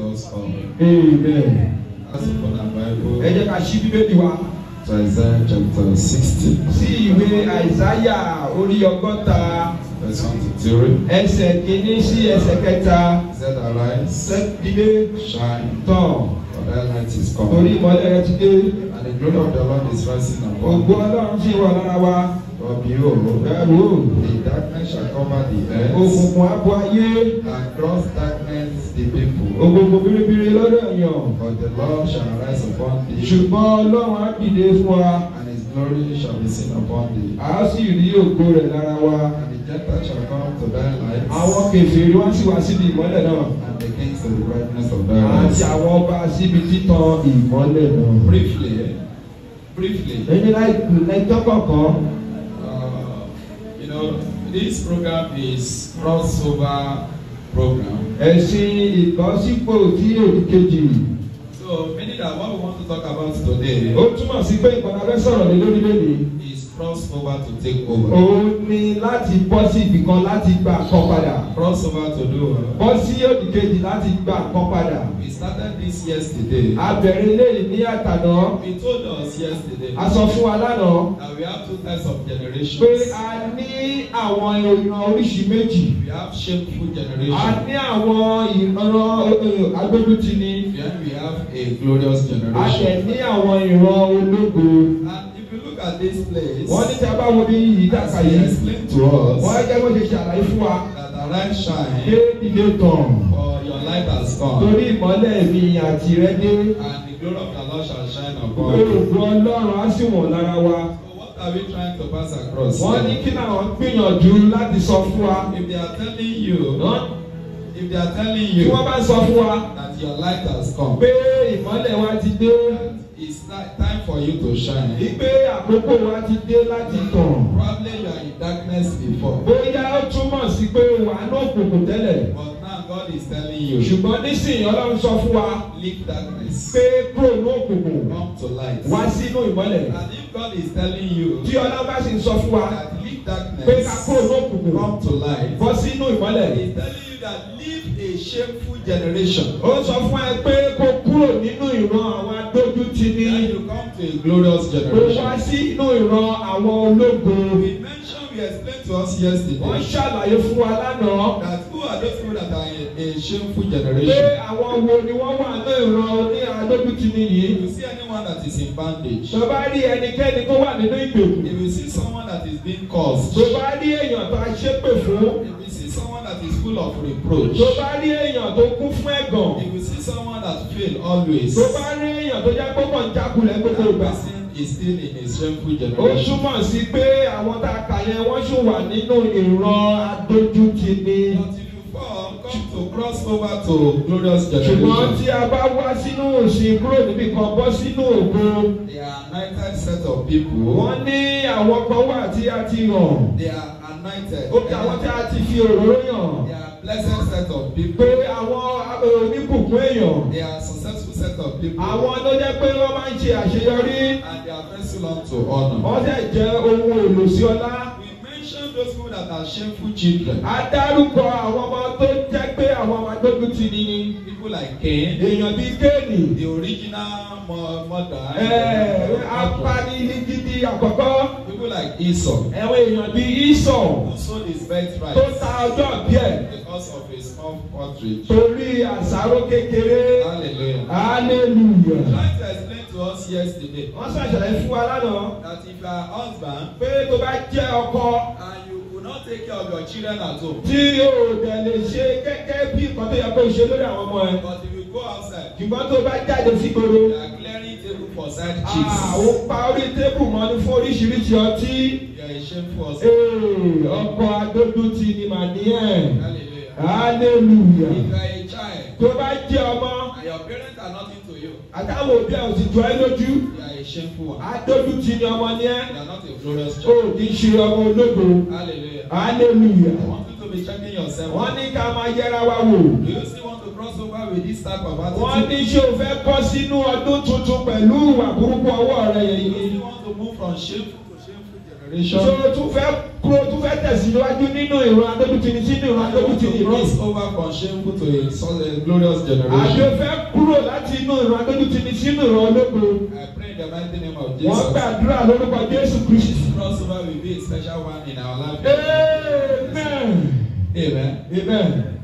us on. Amen. As for the Bible. Ẹ jẹ́ ká ṣí Bíbélì wa. To Isaiah chapter sixty. Sí ìwé Àìsáyà orí ọgọ́ta. Verse one to three. Ẹsẹ̀ kìíní sí ẹsẹ̀ kẹta. Set arise. Set dìde. Shine. Tọ̀. For light is coming. Torí ìmọ́lẹ̀ rẹ ti dé. And the glory of the Lord is rising above. Ògo Ọlọ́run ti wà lára wa of you. The darkness shall cover the earth. Òkùnkùn abo ayé. And darkness the people. Òkùnkùn biribiri lọ́dọ̀ èèyàn. But the Lord shall rise upon thee. Ṣùgbọ́n Ọlọ́run á dìde fún wa. And his glory shall be seen upon thee. A sì rí ògo rẹ̀ lára wa. And the Gentiles shall come to thy light. Àwọn kèfèrí wá sí wa síbi ìmọ́lẹ̀ náà. And the kings to the brightness of thy light. Àti àwọn ọba síbi títàn ìmọ́lẹ̀ náà. Briefly, eh? briefly. Èyí láì láì tọ́kọ̀ kan. This program is crossover program. Ẹ̀sìn ìbásípò tí èdè kejì. So meaning that what we want to talk about today. Ó túmọ̀ sí pé ìpàdánù sọ̀rọ̀ lé lórí lónìí cross over to take over. òun ni láti bọ́ sí ibì kan láti gba nǹkan padà. cross over to do one. bọ́ sí òdì kejì láti gba nǹkan padà. we started this yesterday. a bẹ̀rẹ̀ eléyìí ní àtàná. we told us yesterday. a sọ fún wa lánàá. that we have two types of generations. pé a ní àwọn ìran oríṣi méjì. we have shameful generations. a ní àwọn ìran eh, agbẹ́dútì ni. then we have a glorious generation. a tẹ̀ ní àwọn ìran ológo. and look at this place. wọ́n ní tí a bá wo bí yìí kàkà yìí. he explain to us. wọ́n á jẹ́ bó ṣe ṣàlàyé fún wa. that the light shine. dé ilé tán. for your light has come. torí ìmọ́lẹ̀ mi àti rẹ dé. and the glory of the Lord shall shine upon you. olùkọ́ ọlọ́run á sì wọ̀n lára wa. Are we trying to pass across? Wọ́n ní kí náà gbìyànjú láti sọ fún wa. If they are telling you. Huh? If they are telling you. Tí wọ́n bá sọ fún wa. That your light has come. Pé ìmọ́lẹ̀ wa ti dé. It's time for you to shine. Ìgbé àkókò wa ti dé láti tàn. Probably you are in darkness before. Bóyá ó túmọ̀ sí pé wà á ní òkùnkùn tẹ́lẹ̀. But now God is telling you. Ṣùgbọ́n nísìnyí Ọlọ́run sọ fún wa. Leave darkness. Pé kúrò ní òkùnkùn. Come to light. Wá sínú ìmọ́lẹ̀. And if God is telling you. Tí Ọlọ́run bá sì ń sọ fún wa. That leave darkness. Pé ká kúrò ní òkùnkùn. Come to light. Bọ́ sínú ìmọ́lẹ̀. He is telling you that leave shameful generation. Ó sọ fún ẹ pé kó kúrò nínú ìran àwọn adójútini. Then you come to a glorious generation. Ó wá sí inú ìran àwọn ológun. We mentioned we explained to us yesterday. Wọ́n ṣàlàyé fún wa lánàá. That who are those people that are in a shameful generation? Pé àwọn wo ni wọ́n wà ní ìran ní adójútini yìí? You see anyone that is in bondage. Tó bá rí ẹnikẹ́ni tó wà nínú ìgbèkùn. If you see someone that is being caused. Tó bá rí èèyàn tó a ṣépè fún of reproach. tó bá rí èèyàn tó kún fún ẹ̀gàn. if you see someone that fail always. tó bá rí èèyàn tó jẹ́ pọ́pọ̀ ń jákulẹ̀ gbogbo ìgbà. that person is still in a shameful generation. ó túmọ̀ sí pé àwọn tá a kà yẹn wọ́n ṣì wà nínú ìran adójútini. cross over to glorious generation. ṣùgbọ́n tí a bá wá sínú òsìn kúrò níbi kan bọ́ sínú ògo. they are anointed set of people. wọ́n ní àwọn kan wà tí a ti yàn. they are anointed. ó kí àwọn tí a ti fi òróró yàn. they are blessed set of people. pé àwọn eh, oníbùkún èèyàn. they are successful set of people. àwọn ló jẹ́ pé wọ́n máa ń ṣe àṣeyọrí. and they are vessel to honour. wọ́n dẹ̀ jẹ́ ohun èlò sí ọlá. we mention those people that are shameful children. a dárúkọ àwọn ọmọ tó jẹ́ pé àwọn ọmọ agbógun ti ní. people like Cain. èèyàn bíi Kéènì. the original mother. ẹ̀ẹ́ eh, apani ní gidi àkọ́kọ́ people like Esau. Ẹ̀wọ̀n èèyàn bíi Esau. Who sold his birthright. Tó ta ọjọ́ bí ẹ̀ because of a small portrait. Torí àṣàrò kékeré. Hallelujah. Hallelujah. I tried to explain to us yesterday. Wọ́n ṣàṣàlẹ̀ fún wa lánàá. That if your are husband. Pé tó bá jẹ́ ọkọ. And you could not take care of your children at home. Tí o dẹ̀ lè ṣe gẹ́gẹ́ bí nǹkan tó yẹ kó ṣe lórí àwọn ọmọ ẹ. But if you go outside. Ṣùgbọ́n tó bá jáde sí gbòòrò. You are clearing table for side chicks. Àwọn parí tébù mọ́ ní fún oríṣiríṣi ọtí. You are a shameful husband. Ọkọ̀ agbódùn ti ni màá ní hallelujah. if you are a child. tó bá jẹ́ ọmọ. and your parents are nothing to you. àtàwọn òbí àwọn ti jọ ẹ lójú. you are a shameful one. adójútì ni ọmọ ni ẹ. you are not a glorious child. o kì í ṣe ọmọ ológo. hallelujah. hallelujah. I want you to be checking yourself. wọ́n ní ká máa yẹra wa wò. do you still want to cross over with this type of attitude. wọ́n ní ṣé o fẹ́ bọ́ sínú ọdún tuntun pẹ̀lú ìwà burúkú ọwọ́ rẹ yẹn. do you want to move from shameful generation. so tún fẹ́ kúrò tún fẹ́ tẹ̀síwájú nínú ìran adébútini sínú ìran adébútini mi. cross over from shameful to a solid glorious generation. àjọ fẹ́ kúrò láti inú ìran adébútini sínú ìran ológo. I pray in the mighty name of Jesus. wọ́n gbàdúrà lórúkọ Jésù Kristi. cross over will be a special one in our life. amen. amen. amen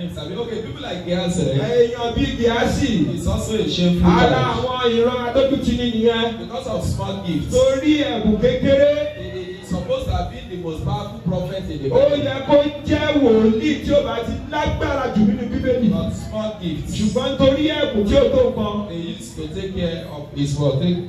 names àbí okay people like Gehazi. Eh? èèyàn bíi Gehazi. is also a shameful guy. ara àwọn ìran adójútini nìyẹn. because of small gifts. torí ẹ̀bùn kékeré. he supposed to have the most powerful prophet in the Bible. ó yẹ kó jẹ́ wòlíì tí ó bá ti lágbára jù nínú bíbélì. but small gifts. ṣùgbọ́n torí ẹ̀bùn tí ó tó nǹkan. he used to take care of his work take his.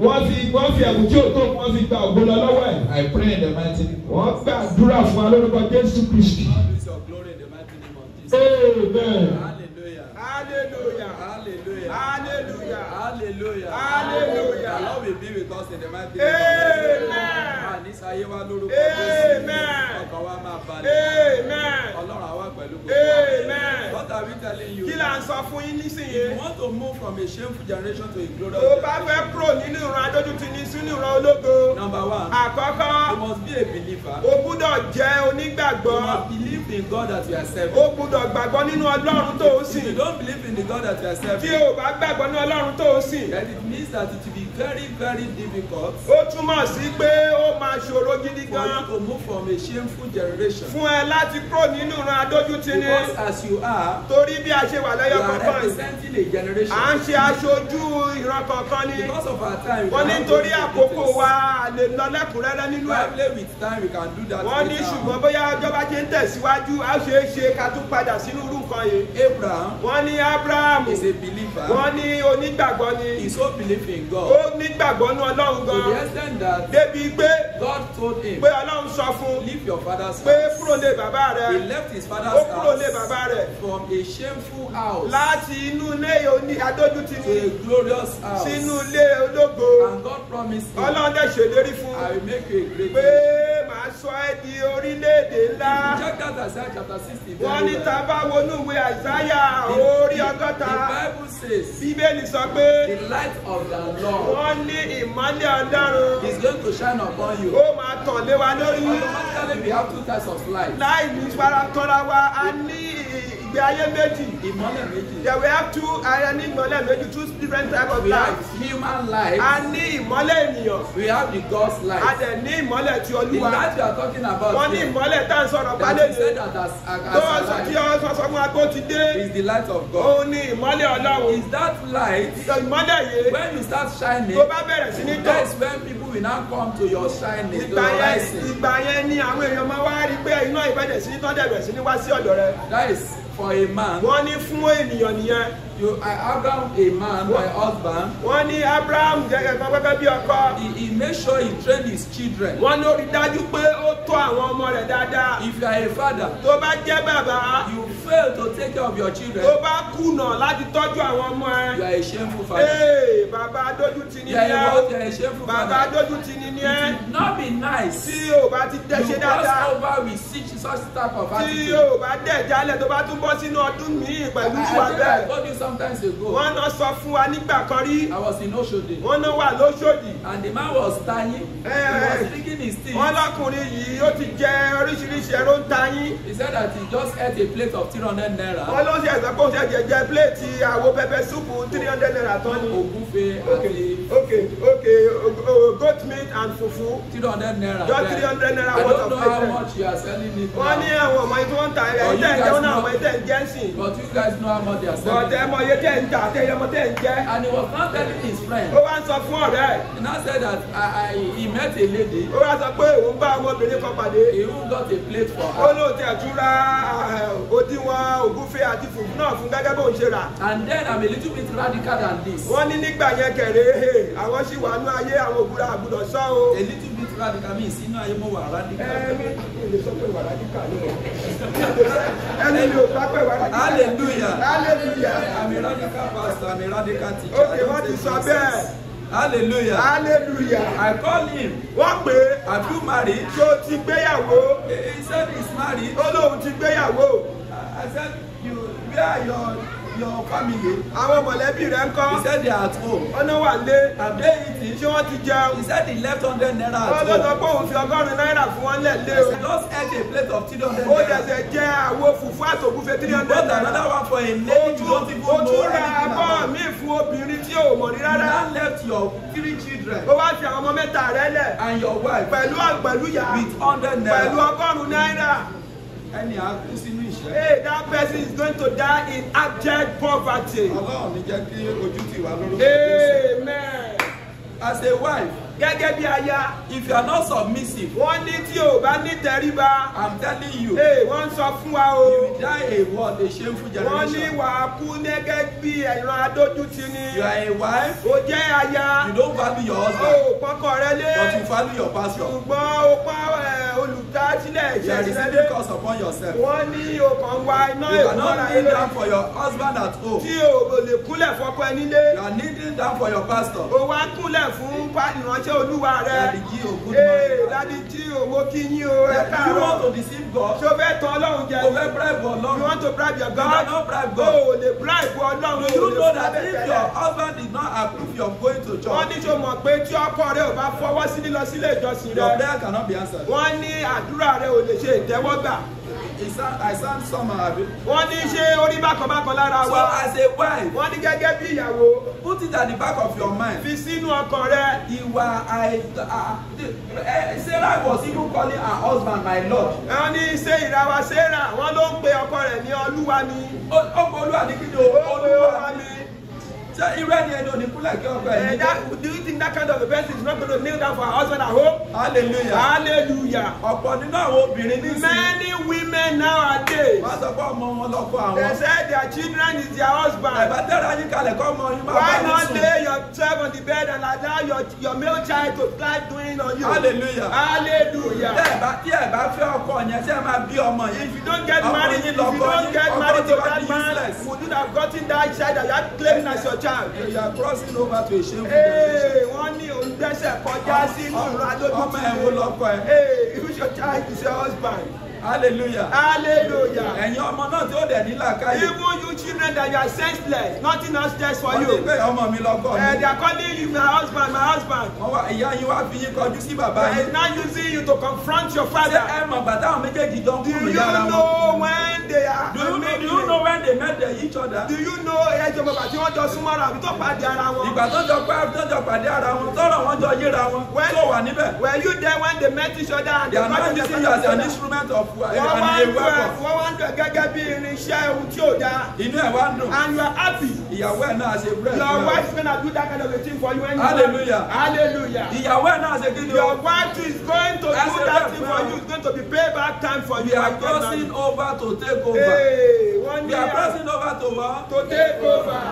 wọ́n fi wọ́n fi ẹ̀bùn tí ó tó wọ́n fi gba ògbó lọ lọ́wọ́ ẹ̀. I pray the mighty name. wọ́n gbàdúrà fún wa lórúkọ Jésù Kristi. Hallelujah. Hallelujah. Hallelujah. Hallelujah. Hallelujah. Hallelujah. The Lord will be with us in the mighty name. Amen àìsàn ayé wa lórúkọ Jésù ọkàn wa máa balẹ̀ ọlọ́run àwa pẹ̀lú gbogbo wa what are we telling you. kí là ń sọ fún yín nísìnyí. you want to move from a shameful generation to a glorious generation. bá fẹ́ kúrò nínú ìran adójútì ní sínú ìran ológo. number one àkọ́kọ́ you must be a believer. o gbúdọ̀ jẹ́ onígbàgbọ́. you must believe in God that you are serving. o gbúdọ̀ gbàgbọ́ nínú ọlọ́run tó o sìn. if you don't believe in the God that you are serving. tí o bá gbàgbọ́ nínú ọlọ́run tó o sìn. that it means that it will be very very difficult. ó túmọ̀ sí pé ó máa ṣòro gidi gan. for you to move from a shameful generation. fún ẹ láti kúrò nínú ìran adójútini. because as you are. torí bí a ṣe wà lẹ́yọ kankan. you are representing a generation. à ń ṣe aṣojú ìran kankan ni. because of our time. wọ́n ní torí àkókò wa lè lọ lẹ́kùnrẹ́rẹ́ nínú ẹ̀. we play with time we can do that. wọ́n ní ṣùgbọ́n bóyá ọjọ́ bá ṣe ń tẹ̀síwájú a ṣe é ṣe ká tún padà sínú irú nǹkan yìí. Abraham. wọ́n ní Abraham. is a believer. wọ́n ní onígbàgbọ́ ni. he so believe in God. ó nígbàgbọ́ nú ọlọ́run gan. to the extent that. débi pé. God told him. pé ọlọ́run sọ fún. leave your father's house. pé kúrò lé bàbá rẹ. he left his father's house. ó kúrò lé bàbá rẹ. from a shameful house. láti inú ilé oní adójútì. to a glorious house. sínú ilé ológo. and God promised him. ọlọ́run dẹ̀ ṣèlérí fún. I will make a great man. pé sọ di orílẹ̀-èdè ńlá. Wọ́n ní ta wọnú ìwé Àìsáyà orí ọgọ́ta. The Bible says. Bíbélì sọ pé. The light of the Lord. Wọ́n ní ìmọ́lẹ̀ Ọlọ́run. is going to shine upon you. Ó máa tàn lé wa lórí. Láì ní faratọ́ra wa, a ní ìgbé ayé méjì. ìmọ́lẹ̀ méjì. there we have two aya ní ìmọ́lẹ̀ méjì two different types of life. we have human life. a ní ìmọ́lẹ̀ ènìyàn. we have the God's life. a dẹ̀ ní ìmọ́lẹ̀ tí olúwa. the life you are talking about. wọ́n ní ìmọ́lẹ̀ tá à ń sọ̀rọ̀ pálẹ̀ ni. that is that as as a life. tó tí ọ sọ fún wa kó ti dé. is the light of God. òun ni ìmọ́lẹ̀ ọlọ́run. is that light. ìmọ́lẹ̀ yìí. when you start shining. tó bá bẹ̀rẹ̀ sí ní tọ́. that's when people will now come to your shining. ìgbà yẹn ìgbà yẹn ni àwọn èèyàn máa wá rí pé iná ìbẹ̀rẹ̀ sí ní tọ́ for a man. wọ́n ní fún ènìyàn nìyẹn. You are Abraham a man, my husband. Wọ́n ní Abraham jẹ́ ẹ̀gbọ́n gẹ́gẹ́ bí ọkọ. He he make sure he train his children. Wọ́n ní ó rí dájú pé ó tọ́ àwọn ọmọ rẹ̀ dáadáa. If you are a father. Tó bá jẹ́ bàbá. You fail to take care of your children. Tó bá kùnà láti tọ́jú àwọn ọmọ ẹ. You are a shameful father. Ee bàbá adójú ti ni ẹ. You are a shameful father. Bàbá adójú ti ni ní ẹ. It will not be nice. Tí o bá ti dẹ́ ṣe dáadáa. You cross over with such such type of attitude. Tí o bá dẹ̀ jálẹ̀ tó bá tún bọ́ sínú ọdún míì pẹ̀lú sometimes ago. wọ́n náà sọ fún wa nígbà kan rí. I was in Oshodi. wọ́n náà wà lóṣòdì. and the man was tanning. Eh, he was eh. drinking his tea. wọ́n lọ́kùnrin yìí ó ti jẹ oríṣiríṣi ẹ̀rọ ń tanyin. he said that he just ate a plate of three hundred naira. wọ́n ló ṣe ẹ̀sán pé ó ṣe jẹjẹ pléètì àwo pẹpẹ súpù three hundred naira tán ni. ògúnfe àti. okay okay oh, oh, goat meat and fufu. three hundred naira. just three hundred naira worth of pepper. I don't know how much you are selling it now. wọ́n ní àwọn ọmọ yìí tó ń ta ẹ̀rẹ̀ ẹ̀jẹ̀ ìjẹun náà àwọn ẹ̀jẹ̀ ìjẹun sìn. but you guys know how much they are selling. but ẹ iye tẹ́ ń tà àti iye ọmọ tẹ́ ń jẹ́. and he was now telling his friend. ó wá ń sọ fún ọ̀rẹ́. he now said that I, I, he met a lady. ó wá sọ pé òun bá àwọn obìnrin kan pàdé. he even got a plate for her. ó ló tẹ̀ túra eh, òdiwọ̀n ògúfe àti fùfú náà fún gẹ́gẹ́ bó ń ṣe rà. and then I'm a little bit radical than this. wọ́n ní nígbà yẹn kẹ̀rẹ́ eh, àwọn ṣì wà nú ayé àwọn òbúra àgùdọ̀ sọ́ o. a little bit radical means inú ayé mo wà radical. ẹ mi ò lè sọ pé wà radical ni wọn. ẹni mi ò bá pè wà radical. hallelujah hallelujah. àmì radical pastor àmì radical teacher. ok wọ́n ti sọ bẹ́ẹ̀. Hallelujah. Hallelujah. I call him. Wọ́n pè é. Have you married? Ṣé o ti gbéyàwó? He said he's married. Ó lóun ti gbéyàwó. I said you where are your your family. àwọn mọ̀lẹ́bí rẹ̀ ń kọ́. he said they are at home. ọ̀nà wà lé. àbẹ́ yìí tì í ṣé wọ́n ti jẹun. he said he left hundred naira at home. wọ́n lọ sọ pé òun fi ọgọ́rùn-ún náírà fún wọn lẹ̀ lé o. he just ate a plate of three hundred naira. ó dẹ̀sẹ̀ jẹ́ àwo fùfú àtògúfe three hundred naira. he bought another one for a lady who don't even know anything about. ó tún ra abọ́ mi fún obìnrin tí ò mọ̀ rí rárá. you now left your three children. ó wá fi àwọn ọmọ mẹ́ta rẹ̀ lẹ̀. and your wife. pẹ̀lú pẹ̀lú yà. with hundred naira. pẹ̀lú ọgọ́rùn-ún náírà. ẹnì àkúsí Hey, that person is going to die in abject poverty. Amen. As a wife. Gẹ́gẹ́ bí aya. If you are not submissive. Wọ́n ní tí o bá ní tẹríba. I'm telling you. Ee, wọ́n sọ fún wa o. You will die a what a shameful generation. Wọ́n ní wà á kú gẹ́gẹ́ bí ẹ̀ràn adójútì ni. You are a wife. O jẹ́ aya. You don't value your husband. O pọkọ rẹ lé. But you value your pastor. Ṣùgbọ́n o pa ẹ̀ eh, olùkọ́ dá sílẹ̀ wọ́n ní o kàn wá iná ìkúnra ilé. you are not needing for your husband at home. tí o lè kúnlẹ̀ fọ́kọ ẹ nílé. you are needing that for your pastor. o wá kúnlẹ̀ fún nípa ìrántí olúwa rẹ dadi jí owó kí yín o ẹ káàárọ̀ ṣé fẹ́ tọ́ ọlọ́run jẹ ni you want to bribe your God o lè bribe ọlọ́run o lè bribe ẹ̀fẹ̀ wọ́n ní ṣe mọ̀ pé tí ọkọ rẹ ò bá fọwọ́ sí lílọ sílé ìjọsìn rẹ wọ́n ní àdúrà rẹ ò lè ṣe ìtẹ́wọ́gbà. I sound somehow àbí. wọ́n ní ṣé orí bákan lára wa. so as a wife. wọ́n ní gẹ́gẹ́ bí ìyàwó. put it at the back of your mind. fi sínú ọkàn rẹ. ìwà àì Sarah was even calling her husband my lord. wọ́n ní ṣé ìràwá Sarah wọ́n ló ń pe ọkọ rẹ̀ ní olúwa mi. ó olúwa ní kí ni o. olúwa mi. So irú ẹni ẹni òní kúlẹ̀ kí ọkọ ẹni. Do you think that kind of a is not going kneel down for her husband at home? Hallelujah. Hallelujah. Ọ̀pọ̀ nínú àwọn obìnrin ní ìsìn. Many women men nowadays. they say their children is their husband. why not lay yourself on the bed and allow your, your male child to start doing on you. hallelujah. hallelujah. tẹ́ ẹ bá tí ẹ bá fẹ́ ọkọ yẹn tí ẹ máa if you don't get married if you don't get married to that man would you have gotten that child that you are claiming as your child. you are crossing over to a shameful generation. wọ́n ní òun gbẹ́sẹ̀ kọjá sínú ìrọ̀ adójútì. ọmọ ẹ̀ wo lọ́kọ ẹ̀. who's your child is your husband hallelujah hallelujah ẹ̀yin ọmọ náà tí ó dẹ̀ ní làákàyè. even you children that you are senseless nothing else there for you. wọ́n ti pé ọmọ mi lọ́kọ mi. Eh, they are calling you my husband my husband. wọ́n wá ìyá yín wá fi yín kọjú sí bàbá yín. they are now using you to confront your father. ṣé ẹ mọ̀ bàtà àwọn méjèèjì jọ ń kúrò yàrá wọn. do you know when they are. do you know do you know when they met each other. do you know eh, ẹjọ bàbá tí wọ́n jọ súnmọ́ àbí tó pàdé ara wọn. ìgbà tó jọ pé tó jọ pàdé ara wọn tọ́rọ̀ wọn jọ yíra wọn. tó wà níbẹ̀. were you there when they met each other and they, they are not using wọ́n wá ń dùn gẹ́gẹ́ bí irinṣẹ́ ohun tí ò dáa. inú ẹ̀ wá dùn. and you are happy. ìyàwó ẹ̀ náà ṣe bread. your wife gonna do that kind of a thing for you anyway. hallelujah. hallelujah. ìyàwó ẹ̀ náà ṣe kí o. your wife is going to do that thing for you It's going to be payback time for you. we are crossing over to take over. Hey, we are crossing over to what. to take over.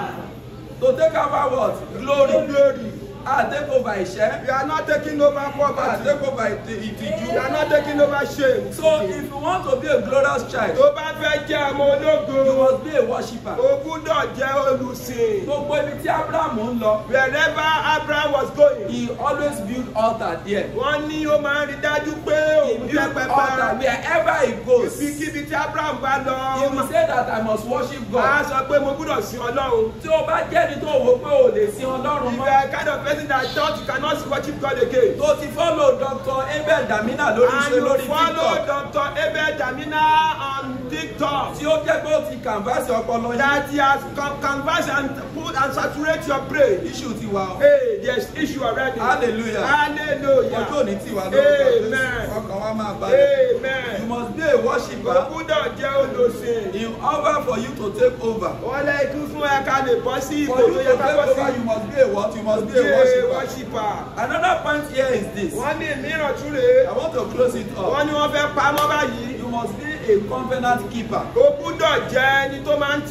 to take over what. glory. glory. I take over ìṣẹ́. We are not taking over poverty. I take over ìtìjú. We are not taking over shame. So if you want to be a glorious child. Tó bá fẹ́ jẹ́ ọmọ ológo. You must be a worshipper. O gbúdọ̀ jẹ́ olùsìn. Gbogbo ibi tí Abraham ń lọ. Wherever Abraham was going. He always built altar there. Wọ́n ní ó máa rí dájú pé òun jẹ́ pẹpẹ. He built altar wherever he goes. Ibikíbi tí Abraham bá lọ. He will say that I must worship God. Wọ́n sọ pé mo gbúdọ̀ sin Ọlọ́run. Tí o bá jẹ́ni tó wò pé o lè sin Ọlọ́run mọ́. Ìgbà kádọ̀ fẹ́ confessing that church you cannot worship God again. tó ti follow Dr. Abel Damina lórí ṣe lórí TikTok. and you follow Doctor Abel Damina on TikTok. tí ó jẹ́ pé ó ti canvas ọpọlọ that he has canvas and put and saturate your brain. issue ti wà o. hey there issue already. hallelujah. hallelujah. ọjọ́ òní ti wà lórúkọ Jésù. ọkàn wa máa balẹ̀. amen. you must be a worshiper. o gbúdọ̀ jẹ́ olùsìn. in order for you to take over. wọ́n lẹ́ẹ̀kú fún ẹ̀ka lè bọ́ sí ipò tó yẹ ká bọ́ sí. for you to take over you must be a what you must be a what another point here is this. I want to close it up. you must be a covenant keeper. you must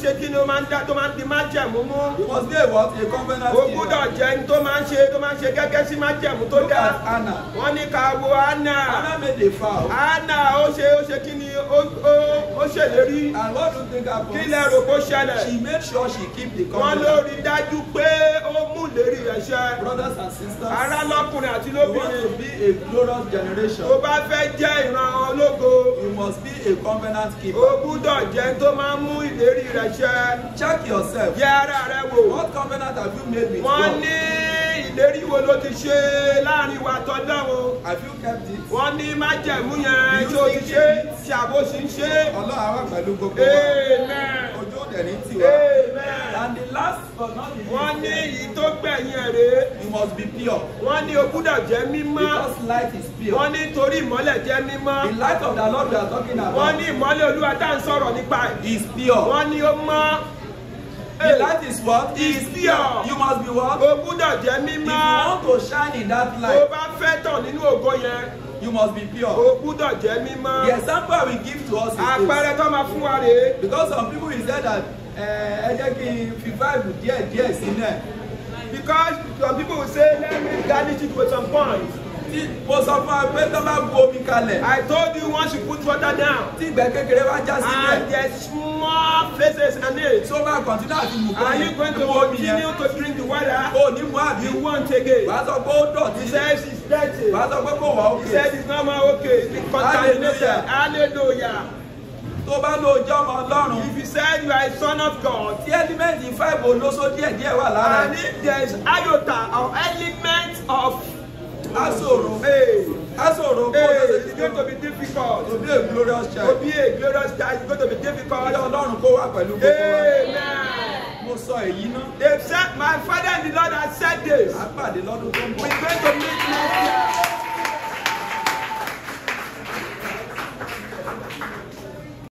be a what covenant keeper. look at Anna. Anna. made a vow. Anna ó ṣe ó ṣe kí ó ṣèlérí. kí lẹ rò kó ṣẹlẹ̀. she made sure she keep the company. wọ́n ló rí dájú pé ó mú ìlérí rẹ̀ ṣẹ. brothers and sisters. ará lọ́kùnrin àti lóbìnrin. you want to be a glorious generation. tó bá fẹ́ jẹ́ ìran ológo. you must be a covenant keeper. gbúdọ̀ jẹ́ tó máa mú ìlérí rẹ̀ ṣẹ. check yourself. yẹ ara rẹ wò. what covenant have you made with God. wọ́n ní ìlérí wo ló ti ṣe láàrin wa tọ́dọ̀ o. have you kept it. wọ́n ní májẹ̀mú yẹn tí o ti ṣe tí àbó ṣì ń ṣe. ọlọ́run àwa pẹ̀lú gbogbo wa. amen. ojú òde ní tiwa. and the last but not the least. wọ́n ní èyí tó gbẹ̀yìn ẹ̀ you must be pure. wọ́n ní o gbúdọ̀ jẹ́ mímọ́. because light is pure. wọ́n ní torí ìmọ́lẹ̀ jẹ́ mímọ́. the light of the Lord we are talking about. wọ́n ní ìmọ́lẹ̀ Olúwa tá à ń sọ̀rọ̀ nípa is pure. wọ́n ní ó mọ́. Hey. That is what is pure. You must be what? If you want to shine in that light. You must be pure. The example we give to us is Because some people will say that eh, ẹ jẹ́ kí n fi vibe díẹ̀ díẹ̀ Because some people will say let me garnish it with some points fifty mo sọ fún ọ pé tó bá bu omi kalẹ̀. I told you once you put water down. tí ìgbẹ́ kékeré bá já sílẹ̀. and there is small places in it. So o bá kọ̀ntínú àti mú kọ́ are you going to continue to drink the water. o ní mú àbí. you want again. wàá sọ pé ó dọ̀tí. he says it's dirty. wàá sọ pé kò wá okay. he says it's not my okay. it's contaminated. hallelujah tó bá lo ọjọ́ ọmọ ọlọ́run. if you say you are a son of God. tí element five olóso díẹ̀ díẹ̀ wà lára. and if there is iota or element of. Asoro. Hey. Asoro. Hey. It's going to be difficult. To be a glorious child. To be a glorious child. It's going to be difficult. Ọlọ́run kó wà pẹ̀lú gbogbo wa. Amen. Mo sọ èyí ná. They said my father and the Lord has said this. A pàdé lọ́dún tó ń bọ̀. We going to meet next year.